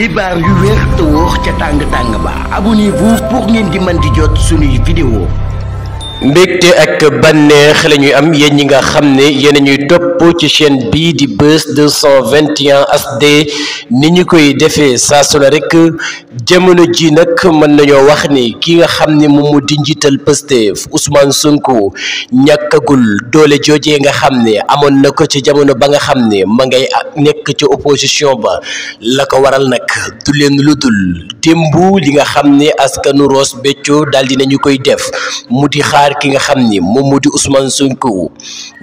xibaar yu wér te wóor ca tàng tàng ba abonnez-vous pour ngeen di mën di jot suñuy vidéo mbégte ak bànneex la ñuy am yéen ñi nga xam ne yéen a ñuy topp ci chen bii di Buzz 221 HD ni ñu koy defee saa rek jamono ji nag mën nañoo wax ni ki nga xam ne moom mu di njiital Pastef Ousmane Sonko ñàkkagul doole joojee nga xam ne amoon na ko ci jamono ba nga xam ne ma ngay nekk ci opposition ba la ko waral nag du leen lu dul démb li nga xam ne askanu Ross Béthio daal di nañu koy def mu di xaar xaar ki nga xam ni moom moo di Ousmane Sonko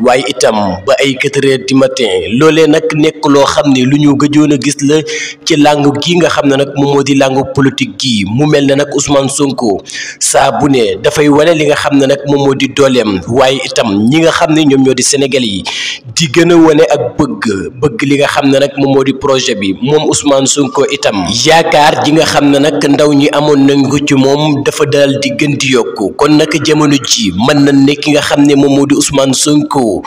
waaye itam ba ay quatre di du matin loolee nag nekk loo xam ni lu ñu gëjoon a gis la ci làngu gi nga xam ne nag moom moo di langue politique gi mu mel ne nag Ousmane Sonko saa bu ne dafay wane li nga xam ne nag moom moo di dooleem waaye itam ñi nga xam ne ñoom ñoo di Sénégal yi di gën a wane ak bëgg bëgg li nga xam ne nag moom moo di projet bi moom Ousmane Sonko itam yaakaar ji nga xam ne nag ndaw ñi amoon nañ ko ci moom dafa dal di gën di yokk kon nag jamono ji ji mën na nekk ki nga xam ne moom moo di Ousmane Sonko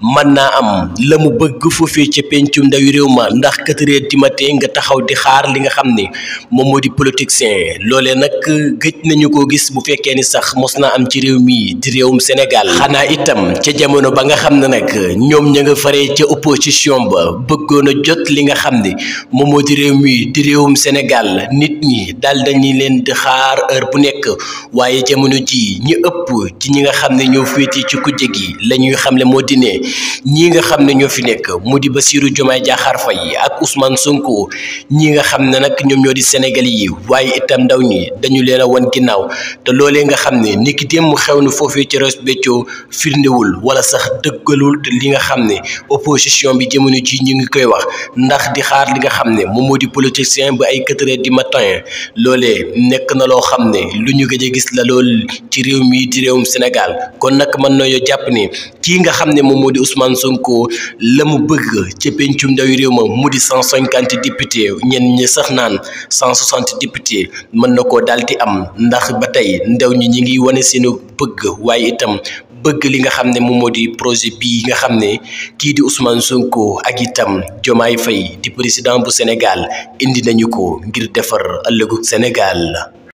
mën naa am la mu bëgg foofee ca pencum ndawi réew ma ndax quatre heures du matin nga taxaw di xaar li nga xam ne moom moo di politicien loolee nag gëj nañu ko gis bu fekkee ni sax mos naa am ci réew mii di réewum Sénégal xanaa itam ca jamono ba nga xam ne nag ñoom ña nga faree ca opposition ba bëggoon a jot li nga xam ne moom di réew mi di réewum Sénégal nit ñi daal dañuy leen di xaar heure bu nekk waaye jamono ji ñi ëpp ci ñi nga xam ne ñoo féetee ci kujje gi la ñuy xam ne moo di nee ñi nga xam ne ñoo fi nekk mu di Bassirou Diomaye Diakhar Faye ak Ousmane Sonko ñi nga xam ne nag ñoom ñoo di Sénégal yi waaye itam ndaw ñi dañu leen a wan ginnaaw te loolee nga xam ne niki dem mu xew na foofee ci Ross Béthio firndewul wala sax dëkkalul te li nga xam ne opposition bi jamono ji ñu ngi koy wax ndax di xaar li nga xam ne moom moo di politicien ba ay quatre di du matin loolee nekk na loo xam ne lu ñu gis réewum Sénégal kon nag mën nañoo jàpp ni kii nga xam ne moom moo di Ousmane Sonko la mu bëgg ca pencum ndawi réew ma mu di cent cinquante député ñenn ñi sax naan cent soixante député mën na koo daal di am ndax ba tey ndaw ñi ñi ngi wane seenu bëgg waaye itam bëgg li nga xam ne moom moo di projet bii nga xam ne kii di Ousmane Sonko ak itam Diomaye Faye di président bu Sénégal indi nañu ko ngir defar ëllëgu Sénégal.